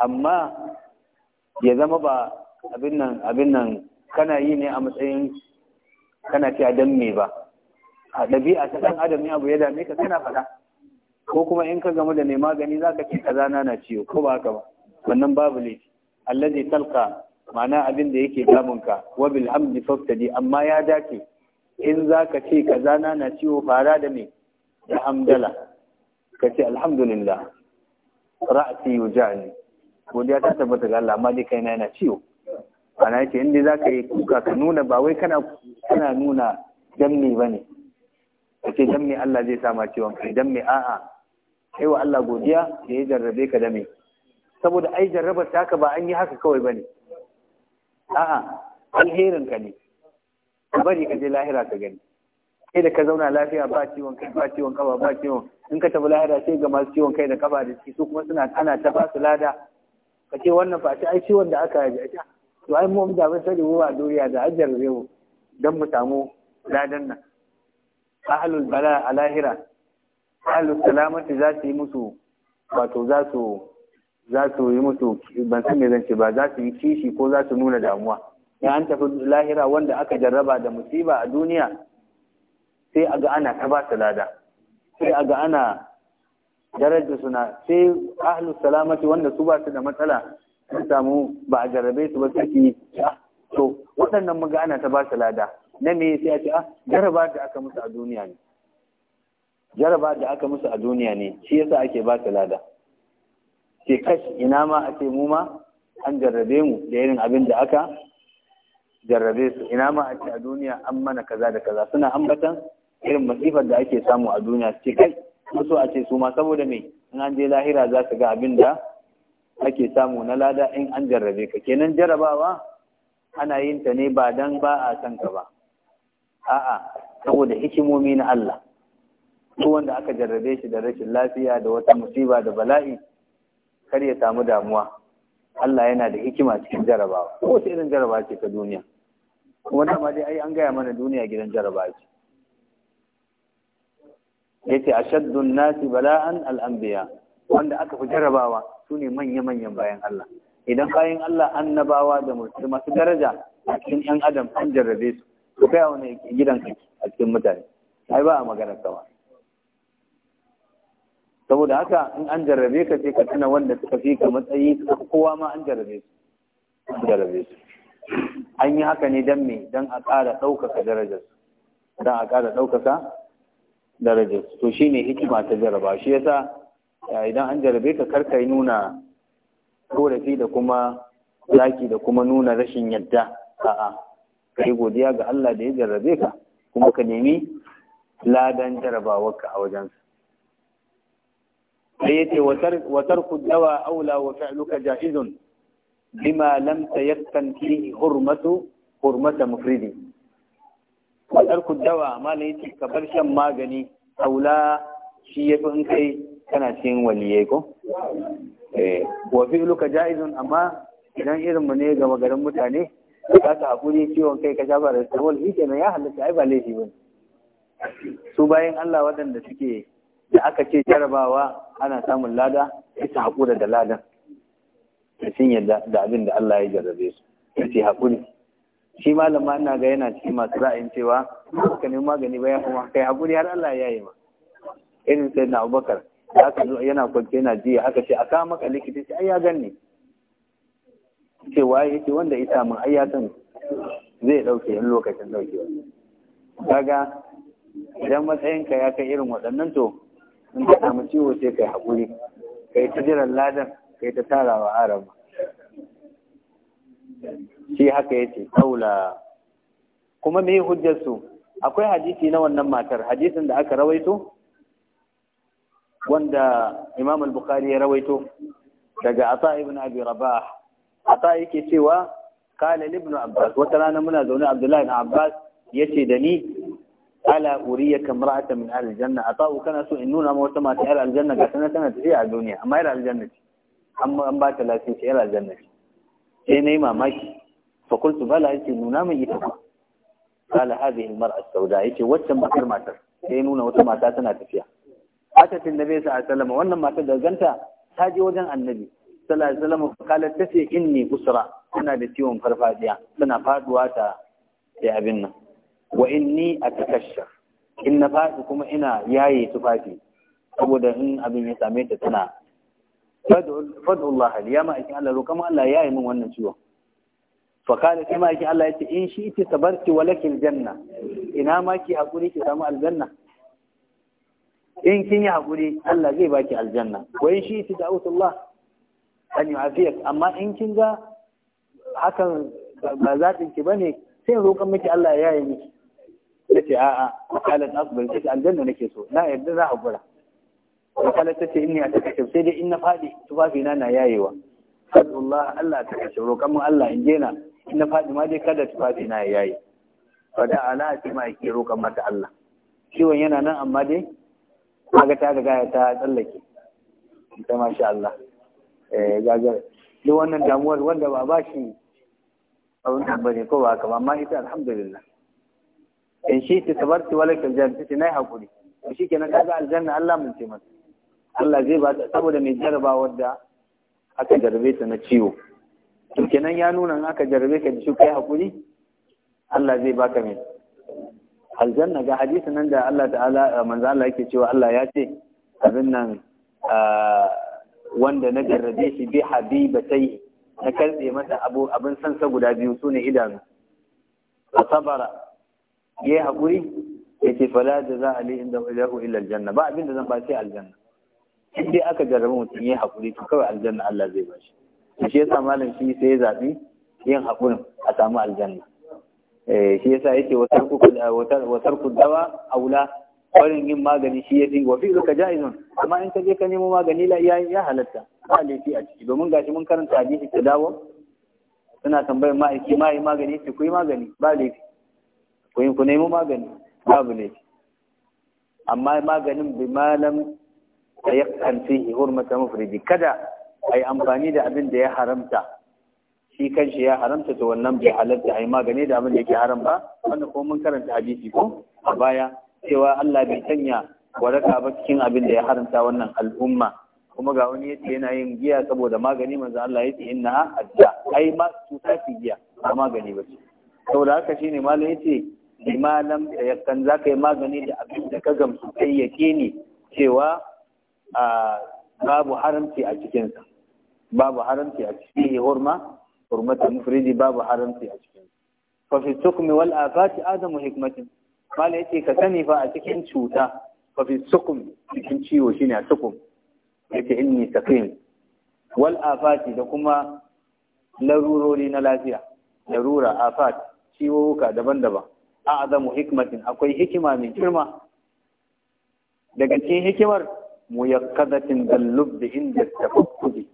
amma ya zama ba abin nan abin nan kana yi ne a matsayin kana ce a dan me ba a ɗabi'a ta ɗan adam ne abu ya dame ka kana faɗa ko kuma in ka gamu da mai magani za ka ce kaza na na ciwo ko ba haka ba wannan babu laifi allazi talqa ma'ana abin da yake ka wa bil hamdi fastadi amma ya dace in za ka ce kaza na na ciwo fara da me da hamdala ka ce alhamdulillah ra'ati yujani godiya ta tabbata ga Allah amma dai kaina yana ciwo ana yake in dai ka yi kuka ka nuna ba wai kana kana nuna danne bane ce danne Allah zai sa ma ciwon kai danne a'a kai wa Allah godiya da ya jarrabe ka da mai saboda ai jarrabar taka ba an yi haka kawai bane a'a alherin ka ne bari ka je lahira ka gani sai da ka zauna lafiya ba ciwon kai ba ciwon kafa ba ciwon in ka tafi lahira sai ga masu ciwon kai da kafa da ciki su kuma suna ana ta ba su lada ka ce wannan fa ai ciwon da aka yi to ai mu da mun sani a duniya da ajjar rewo dan mu samu ladan nan ahlul bala a lahira ahlus salamati za su yi musu wato za su za su yi musu ban san me zan ce ba za su yi kishi ko za su nuna damuwa in an tafi lahira wanda aka jarraba da musiba a duniya sai a ga ana ta ba su lada sai a ga ana daraja suna sai ahlus salamati wanda su ba su da matsala sun samu ba a jarrabe su ba sai ah, to waɗannan muga ana ta ba su lada na me sai a ce ah jarraba da aka musu a duniya ne jaraba da aka musu a duniya ne shi yasa ake ba su lada ke kash ina ma a ce mu ma an jarrabe mu da irin abin da aka jarrabe su ina ma a ce a duniya an mana kaza da kaza suna ambatan irin masifar da ake samu a duniya ce kai so a ce su ma saboda me in an je lahira za su ga abin da ake samu na lada in an jarrabe ka kenan jarrabawa ana yin ta ne ba dan ba a san ka ba a'a saboda hikimomi na Allah ko wanda aka jarrabe shi da rashin lafiya da wata musiba da bala'i kar ya samu damuwa Allah yana da hikima cikin jarabawa ko wace irin jaraba ce ta duniya kuma dama dai ai an gaya mana duniya gidan jaraba ce yace ashaddun nasi bala'an al-anbiya wanda aka fi jarabawa sune manya-manyan bayan Allah idan bayan Allah annabawa da masu daraja a cikin yan adam an jarrabe su to kai wani gidan kake a cikin mutane ai ba a magana sama saboda haka in an jarrabe ka sai ka tuna wanda suka fi ka matsayi kowa ma an jarrabe su an jarrabe su an yi haka ne don me don a ƙara ɗaukaka darajar su don a ƙara ɗaukaka darajar su to ne hikima ta jarraba shi yasa idan an jarrabe ka karka yi nuna korafi da kuma zaki da kuma nuna rashin yadda a'a ka yi godiya ga Allah da ya jarrabe ka kuma ka nemi ladan jarrabawarka a wajensa sai watar wa tarku dawa aula wa fi'luka ja'izun bima lam tayakkan fihi hurmatu hurmata mufridi wa tarku dawa malai yace ka bar shan magani aula shi yafi in kai kana cikin waliyai ko eh wa fi'luka ja'izun amma idan irin mu ne ga garin mutane ka ta hakuri ciwon kai ka shafa da tawal shi kenan ya halatta ai ba laifi ba su bayan Allah waɗanda suke da aka ce jarabawa ana samun lada ita haƙura da ladan da sun yadda da abin da Allah ya jarrabe su ce haƙuri shi malama ina ga yana cikin masu ra'ayin cewa ka nemi magani ba ya kuma kai haƙuri har Allah ya yi ma irin sai na abubakar da aka zo yana kwanci yana jiya aka ce a kawo maka likita sai ai ya ganni ce ya ce wanda ita mun ai zai dauke in lokacin daukewa kaga idan matsayinka ya kai irin waɗannan to in ka samu ciwo sai kai haƙuri kai ta jiran ladan kai ta tarawa araba shi haka yace kaula kuma me hujjar su akwai hadisi na wannan matar hadisin da aka rawaito wanda Imam al-Bukhari ya rawaito daga asa ibn Abi Rabah asa yake cewa kala ibn Abbas wata rana muna zaune Abdullahi ibn Abbas yace da ni ala uriya kamar min ahli janna a ta'u kana so in nuna ma wata mata yar aljanna ga tana tana tafiya a duniya amma yar aljanna ce an ba ta lafiya ce yar aljanna ce sai na yi mamaki fa qultu bala yace nuna min ita ba قال هذه المرأة السوداء يتي واتن matar ماتر sai nuna wata mata tana tafiya atatin nabi sallallahu alaihi wasallam wannan mata da ganta ta je wajen annabi sallallahu alaihi wasallam kalat tace inni usra tana da ciwon farfadiya tana faduwa ta da abin nan wa inni atakashshar in na faɗi kuma ina yaye tufafi saboda in abin ya same ta tana fadu Allah hali ya ma'aikin Allah roƙa ma Allah yaye min wannan ciwon fa kada sai ma'aikin Allah ya ce in shi ita sabarti wa lakil janna ina ma ki haƙuri ki samu aljanna in kin yi haƙuri Allah zai baki aljanna wa in shi ita da'utullah an yu'afiyak amma in kin ga hakan ba zaɓin ki bane sai roƙan miki Allah ya yaye miki ce a'a qalat asbal ce aljanna nake so na yadda za a gura ta ce inni atakashaf sai dai in na faɗi tufafina na yayewa fadullah Allah ta kashe roƙon mun Allah in jena in na fadi ma dai kada tufafina ya yaye da ala ki ma ki roƙon mata Allah ciwon yana nan amma dai kaga ta riga ta tsallake ita masha Allah eh gagar duk wannan damuwar wanda ba ba shi abin da bane ko ba haka amma ita alhamdulillah in shi ta tabarti walaka aljanna ta nayi hakuri to kenan kaga aljanna Allah mun ce masa Allah zai ba saboda mai jarba da aka jarbe ta na ciwo to kenan ya nuna in aka jarbe ka da shi kai haƙuri? Allah zai baka mai aljanna ga hadisi nan da Allah ta'ala manzo Allah yake cewa Allah ya ce abin nan wanda na jarrabe shi bi habibatai na karɓe masa abu abin sansa guda biyu sune idanu a sabara ya yi haƙuri ya ce fala da za a liyin da ilahu illa aljanna ba abinda zan ba sai aljanna Inda aka jarrabi mutum ya yi haƙuri to kawai aljanna Allah zai ba shi shi yasa malam shi sai ya zaɓi yin haƙurin a samu aljanna eh, shi yasa yake watar ku dawa wula ƙwarin yin magani shi ya fi wa fi ka ja'izun amma in ka je ka nemo magani la ya halatta ba laifi a ciki domin gashi mun karanta hadisi ta dawo suna tambayar ma'aiki ma yi magani ce ku yi magani ba laifi ku ku nemi magani babu ne amma maganin bi malam da ya kanci hurmata mufridi kada a yi amfani da abin da ya haramta shi kan shi ya haramta to wannan bai halarta a yi magani da abin da yake haram ba wannan ko mun karanta hadisi ko a baya cewa Allah bai sanya waraka ba cikin abin da ya haramta wannan al'umma kuma ga wani yace yana yin giya saboda magani manzo Allah yace inna adda ai ma cuta fi giya amma magani ba saboda haka shine malam yace lima lam eh, kan za ka yi magani da abin da ka gamsu kai ya ne cewa babu haramci a cikinsa babu haramci a cikin hurma hurmata mufridi babu haramci a cikin fa fi sukmi wal afati adamu hikmatin mala yace ka sani fa a cikin cuta fa fi sukmi cikin ciwo shine a sukum yace inni sakin wal afati da kuma larurori na lafiya larura afat ciwuka daban-daban a'zamu hikmatin akwai hikima mai girma daga cikin hikimar muyakkadatin dallub da inda tafakkudi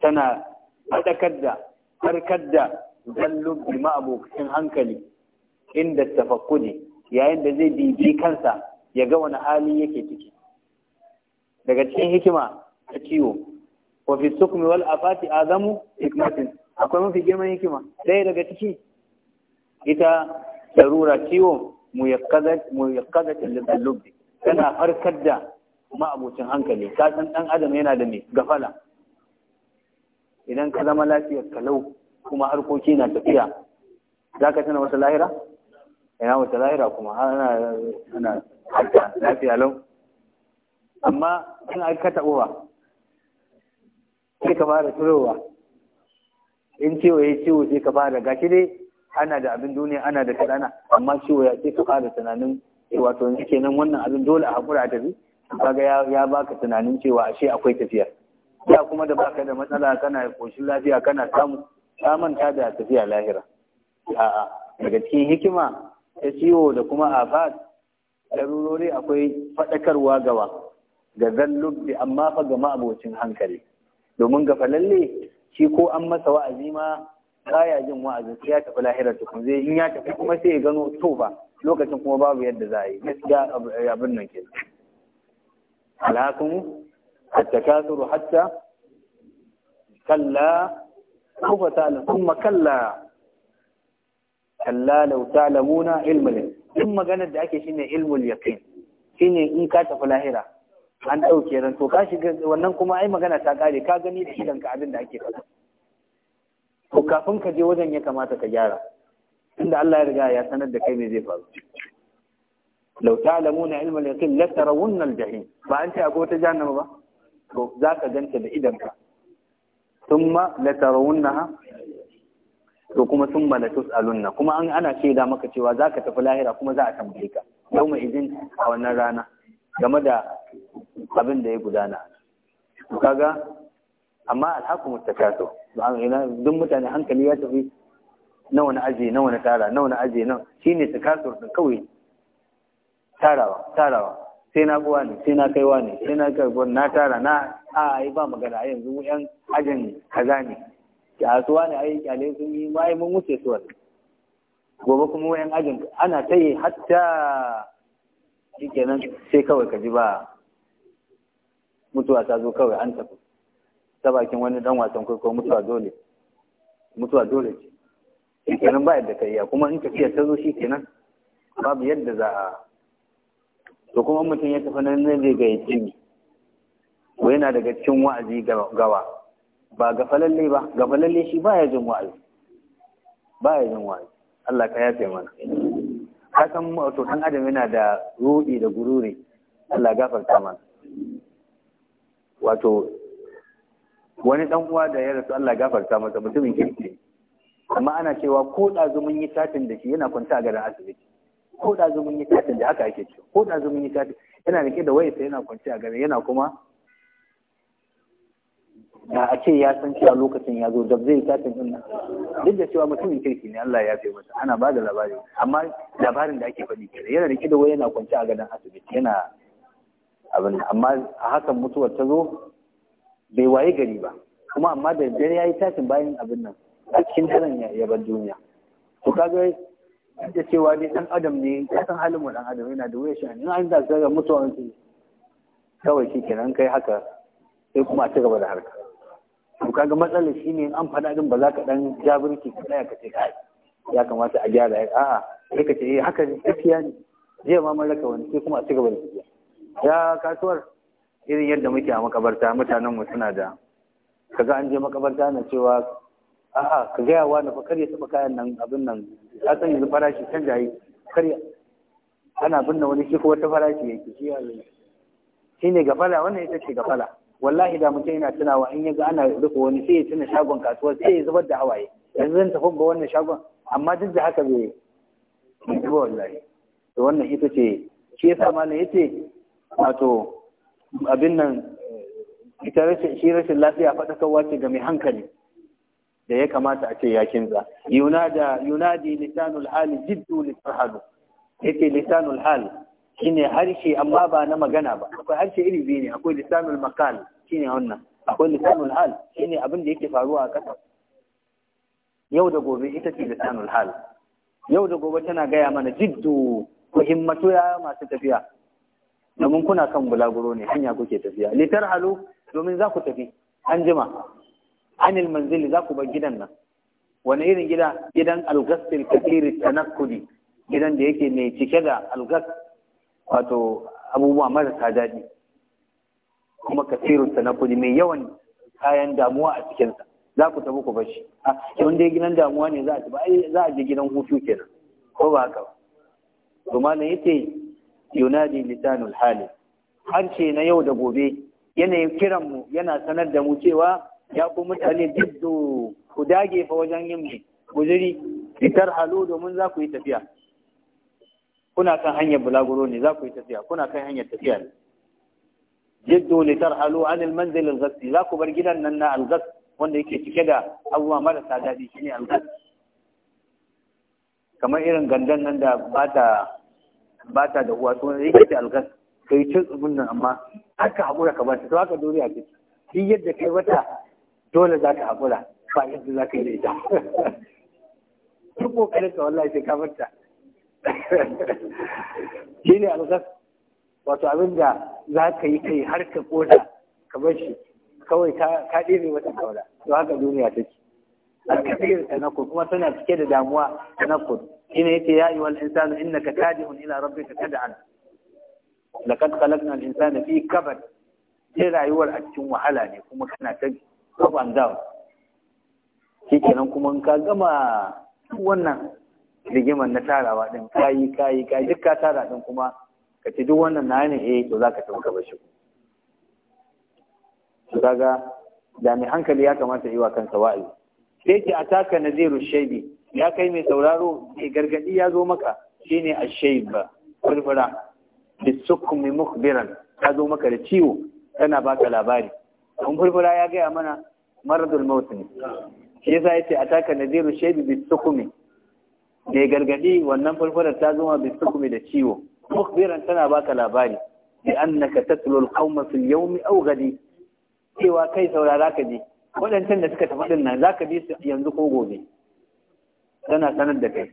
tana fadakar da farkar da dallub da ma'abokin hankali inda tafakkudi yayin da zai bibi kansa ya ga wani hali yake ciki daga cikin hikima ta ciwo wa fi sukmi wal afati azamu hikmatin akwai mafi girman hikima ɗaya daga ciki ita darura ciwon mu ya muyakkadatin lissallubi tana harkar da ma'abucin hankali Kasan ɗan adam yana da mai gafala idan ka zama lafiyar kalau kuma harkoki na tafiya za ka tana wata lahira? Ina wata lahira kuma ana ana harka lafiya lau amma ina aika taɓowa sai ka fara turowa in ciwo ya ciwo sai ka fara gashi dai ana da abin duniya ana da kadana amma ciwo ya ce ka fara tunanin wato yanzu kenan wannan abin dole a hakura a tafi kaga ya baka tunanin cewa ashe akwai tafiya ya kuma da baka da matsala kana koshin lafiya kana samu ka ta da tafiya lahira a'a daga cikin hikima ta ciwo da kuma afat larurori akwai faɗakarwa gawa ga zallub amma fa ga ma'abocin hankali domin ga falalle shi ko an masa wa'azi ma baya jin wa'azin sai ya tafi lahirar tukun zai in ya tafi kuma sai ya gano to ba lokacin kuma babu yadda za a yi gaskiya eh, abin nan ke alhakin التكاثر حتى كلا سوف تعلم ثم كلا كلا لو تعلمون علم اليقين ثم maganar da ake shine ilmul yaqin shine in ka tafi lahira an ɗauke ran to ka shiga wannan kuma ai magana ta kare ka gani da idan ka abin da ake faɗa to kafin ka je wajen ya kamata ka gyara inda Allah ya riga ya sanar da kai me zai faru law ta'lamuna ilmal yaqin la tarawunna al-jahim ba an ce akwai wata jannama ba to za ka ganta da ka thumma la tarawunnaha to kuma thumma la tus'alunna kuma an ana da maka cewa za ka tafi lahira kuma za a tambaye ka yauma izin a wannan rana game da abin da ya gudana kaga amma alhaku mutakato duk mutane hankali ya tafi nawa na wani tara na tara nawa na Shi ne su kasuwar din kawai tarawa tarawa sai na buwa ne sai na kaiwa ne sai na kaiwa na tara na a ai ba magana yanzu mu yan ajin kaza ne kyasuwa ne ai kyale sun yi mai mun wuce su wannan gobe kuma 'yan ajin ana ta yi hatta kenan sai kawai ka ji ba mutuwa ta zo kawai an tafi ta bakin wani dan wasan kwaikwayo mutuwa dole mutuwa dole ce shi kenan ba yadda ka a, kuma in tafiya ta zo shi kenan babu yadda za a to kuma mutum ya tafi nan zai ga yace ni ko yana daga cikin wa'azi gawa ba ga falalle ba ga falalle shi ya jin wa'azi ya jin wa'azi Allah ka yafe mana ka san to dan adam yana da ruɗi da gururi Allah gafarta mana wato wani dan uwa da ya rasu Allah gafarta masa mutumin kirki amma ana cewa ko ɗazu mun yi satin da shi yana kwanta a garin asibiti ko ɗazu mun yi satin da haka ake cewa ko ɗazu mun yi satin yana rike da wayarsa yana kwanta a garin yana kuma da a ce ya san cewa lokacin ya zo dab zai satin din nan duk da cewa mutumin kirki ne Allah ya fi masa ana ba da labari amma labarin da ake faɗi kenan yana rike da waye yana kwanta a garin asibiti yana abin amma a hakan mutuwar ta zo bai waye gari ba kuma amma da dare ya yi tashin bayan abin nan a cikin daren ya bar duniya to kaga da cewa ne dan adam ne kasan halin mu dan adam yana da wuya shi in an da ga mutuwa ne kawai shi kenan kai haka sai kuma a ci gaba da harka to kaga matsalar shi ne an faɗa din ba za ka dan jabirki ka tsaya ka ce kai ya kamata a gyara a'a sai ka ce eh haka gaskiya ne jiya ma mun raka wani sai kuma a ci gaba da tafiya ya kasuwar irin yadda muke a makabarta mutanen mu suna da kaga an je makabarta na cewa a'a ka gaya wa na fa kar ya kayan nan abin nan ka san yanzu farashi canja yi kar ana binne wani shi ko wata farashi yake shi yanzu. shine ne gafala wannan ita ce gafala wallahi da mutum yana tunawa in yaga ana rufe wani sai ya tuna shagon kasuwa sai ya zubar da hawaye yanzu zan tafi ga wannan shagon amma duk da haka bai ba wallahi to wannan ita ce shi yasa malam yace wato abin nan ita shi rashin lafiya faɗakarwa ce ga mai hankali da ya kamata a ce ya za. yunadi lisanul hali jiddu lisarhalu yace lisanul shi shine harshe amma ba na magana ba akwai harshe iri biyu ne akwai lisanul shi shine wannan akwai lisanul hal shine abin da yake faruwa a ƙasa yau da gobe ita ce lisanul hal yau da gobe tana gaya mana jiddu ko himmatu ya masu tafiya domin kuna kan bulaguro ne hanya kuke tafiya litar halu domin za ku tafi an jima anil manzili za ku bar gidan nan wani irin gida gidan algastin kafiri tanakkudi gidan da yake mai cike da algas wato abubuwa marasa daɗi kuma kafiri Kudi mai yawan kayan damuwa a cikinsa za ku tafi ku bashi a ah, cikin dai gidan damuwa ne za a je gidan hutu kenan ko ba haka ba to malam yunadi lisanul hali harshe na yau da gobe yanayin kiran mu yana sanar da mu cewa ya ku mutane jiddu ku dage fa wajen yin guzuri fitar halu domin za ku yi tafiya kuna kan hanyar bulaguro ne za ku yi tafiya kuna kan hanyar tafiya ne jiddu litar halu an almanzil alghassi za ku bar gidan nan na alghass wanda yake cike da abubuwa marasa daɗi shine alghass kamar irin gandan nan da ba ta ba ta da uwa sun yake da algas kai cin tsubin nan amma haka haƙura ka ba to haka duniya ce shi yadda kai wata dole za ka haƙura ba yadda za ka yi da ita duk ƙoƙarin ka wallahi sai ka farta shi ne algas wato abin da za ka yi kai har ka koda ka bar shi kawai ka ɗere wata kaura to haka duniya take alkasir tanakkur kuma tana cike da damuwa tanakkur ina yake ya ayyuhal insanu innaka kadihun ila rabbika kad'an laqad khalaqna al insana fi kabad sai rayuwar a cikin wahala ne kuma kana ta up and down shikenan kuma in ka gama wannan rigimar na tarawa din kayi kayi kayi duk ka tara din kuma ka ci duk wannan na ne eh to zaka tafi gaba shi to kaga da mai hankali ya kamata yi wa kansa wa'azi sai ki ataka naziru shaybi ya kai mai sauraro mai gargadi ya zo maka shine ashayba furfura bisukmi mukbiran ya zo maka da ciwo tana baka labari kun furfura ya gaya mana maradul maut ne shi yasa yace ataka nadiru shaybi bisukmi mai gargadi wannan furfurar ta zo ma bisukmi da ciwo mukbiran tana baka labari bi annaka tatlu al-qawma fil yawmi aw ghadi cewa kai saurara ka je waɗancan da suka tafi ɗin nan za ka bi su yanzu ko gobe tana sanar da kai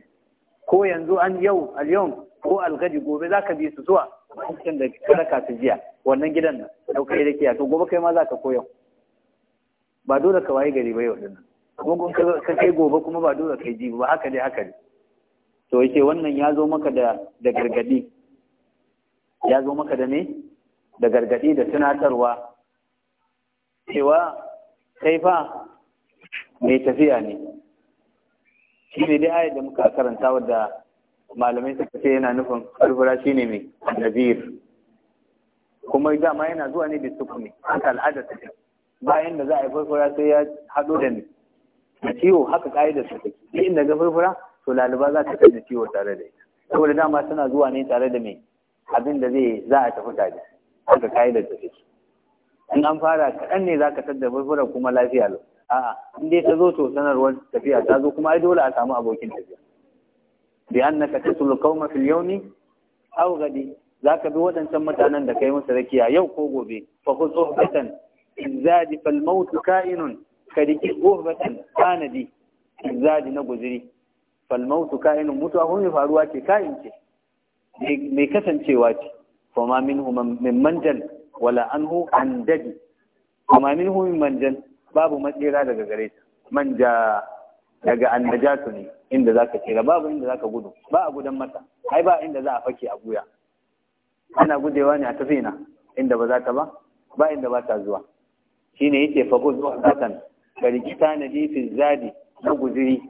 ko yanzu an yau al ko algadi gobe za ka bi su zuwa cikin da karaka su jiya wannan gidan nan daukai da kiya to gobe kai ma za ka koyo ba dole ka waye gari ba yau dinnan kuma ka kai gobe kuma ba dole kai ji ba haka dai haka ne to yake wannan ya zo maka da da gargadi ya zo maka da ne da gargadi da tunatarwa cewa kai fa mai tafiya ne shi ne dai ayar da muka karanta wadda malamai suka ce yana nufin farbura shi ne mai Nazir. kuma dama yana zuwa ne da sukuni haka al'ada ta ce bayan da za a yi farfura sai ya haɗo da ni da ciwo haka ƙa'idar ta take duk inda ga farfura to laluba za ta kai da ciwo tare da ita saboda dama suna zuwa ne tare da mai abin da zai za a tafi tare haka ƙa'idar ta take in an fara kaɗan ne za ka tadda farbura kuma lafiya lau a'a in dai ta zo to sanarwar tafiya ta zo kuma ai dole a samu abokin tafiya bi annaka tatul qauma fil yawmi aw gadi zaka bi waɗancan mutanen da kai musu rakiya yau ko gobe fa khudh in zadi fal maut ka'inun kadiki uhbatan in zadi na guzuri fal maut ka'inun mutuwa kun faruwa ce ka'in ce mai kasancewa ce fa ma minhu mimman manjan wala anhu an dadi fa ma minhu min babu matsira daga gare ta manja daga annajatu ne inda za ka tsira babu inda za ka gudu ba a gudan mata ai ba inda za a fake a guya ana gudewa ne a tafina inda ba za ta ba ba inda ba ta zuwa shine yake fago zuwa zakan ka riki na jifin zadi na guziri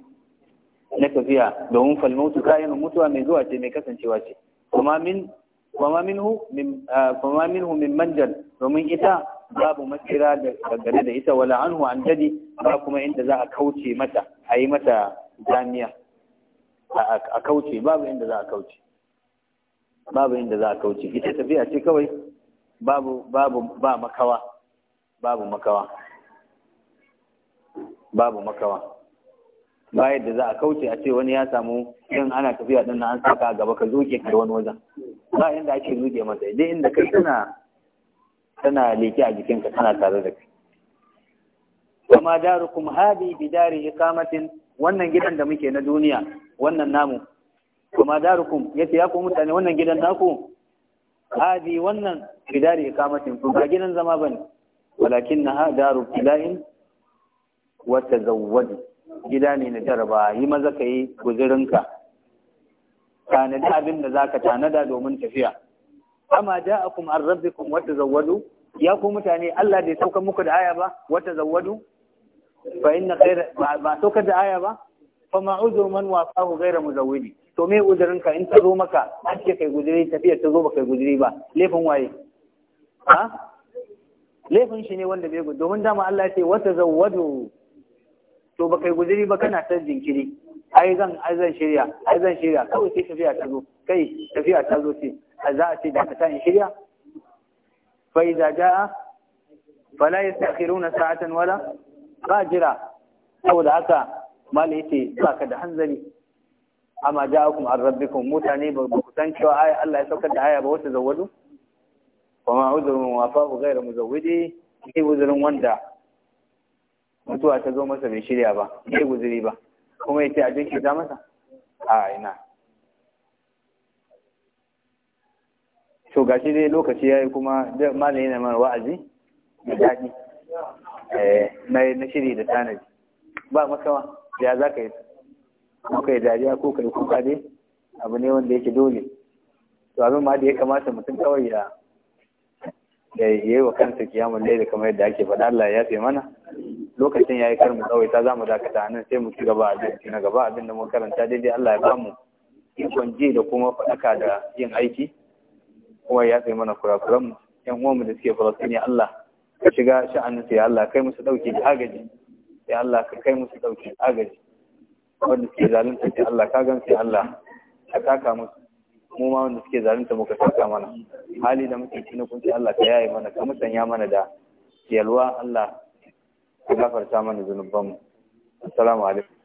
na tafiya domin falmautu kayan mutuwa mai zuwa ce mai kasancewa ce kuma min kuma minhu min ah, kuma minhu min manjal domin ita babu matsira da gare da ita wala anhu an dadi ba kuma inda za a kauce mata a yi mata jami'a a kauce babu inda za a kauce babu inda za a kauce ita tafiya ce kawai babu babu ba makawa babu makawa babu makawa ba yadda za a kauce a ce wani ya samu yin ana tafiya din na an saka gaba ka zuke kai wani wajen ba inda ake zuke mata idan inda kai kana tana leke a jikinka tana tare da kai kuma darukum hadi bi dari iqamatin wannan gidan da muke na duniya wannan namu kuma darukum yace ya ku mutane wannan gidan naku hadi wannan bi dari iqamatin ku ga gidan zama bane na daru ilahin wa tazawwaj gida ne na jaraba yi maza ka yi guzurinka tanadi abin da zaka tanada domin tafiya ja ja'akum an rabbikum wata zawadu? ya ku mutane Allah ya saukar muku da aya ba wata zawadu? fa inna khayra ba saukar da aya ba fa ma uzru man wafahu ghayra muzawwidi to me uzurin ka in ta zo maka an ce kai guduri tafiya ta zo ba kai guduri ba laifin waye ha laifin shi ne wanda bai gudu domin dama Allah ya ce wata zawadu to ba kai guduri ba kana ta jinkiri ai zan ai zan shirya ai zan shirya kawai sai tafiya ta zo kai tafiya ta zo ce za a ce dakata in shirya fa idza jaa fala yastakhiruna sa'atan wala qajira saboda haka malai yace baka da hanzari amma ja'akum an rabbikum mutane ba ku san cewa ai Allah ya saukar da aya ba wata zawadu. wa ma udrun wa fa ghayra muzawwidi sai uzurin wanda mutuwa ta zo masa bai shirya ba sai guzuri ba kuma yace a jinki ta masa a ina to gashi dai lokaci yayi kuma malam yana mana wa'azi da daɗi eh, na shiri da tanadi ba makawa ya za ka yi ko ka yi dariya ko ka yi kuka dai abu ne wanda yake dole to abin ma da ya kamata mutum kawai ya yi wa kansa kiyamun laili kamar yadda ake faɗa Allah ya fi mana lokacin ya yi karmu kawai ta zamu dakata nan sai mu ci gaba a jirgi na gaba abin da mu karanta daidai Allah ya bamu ikon ji da kuma faɗaka da yin aiki kuma ya tsaye mana kurakuran mu yan uwanmu da suke falastini Allah ka shiga sha'anin su ya Allah kai musu dauki agaji ya Allah ka kai musu dauki agaji wanda suke zalunta ya Allah ka gan su ya Allah ka taka musu mu ma wanda suke zalunta mu ka taka mana hali da muke cikin kunci Allah ka yaye mana ka musanya mana da yalwa Allah ka gafarta mana zunubanmu assalamu alaikum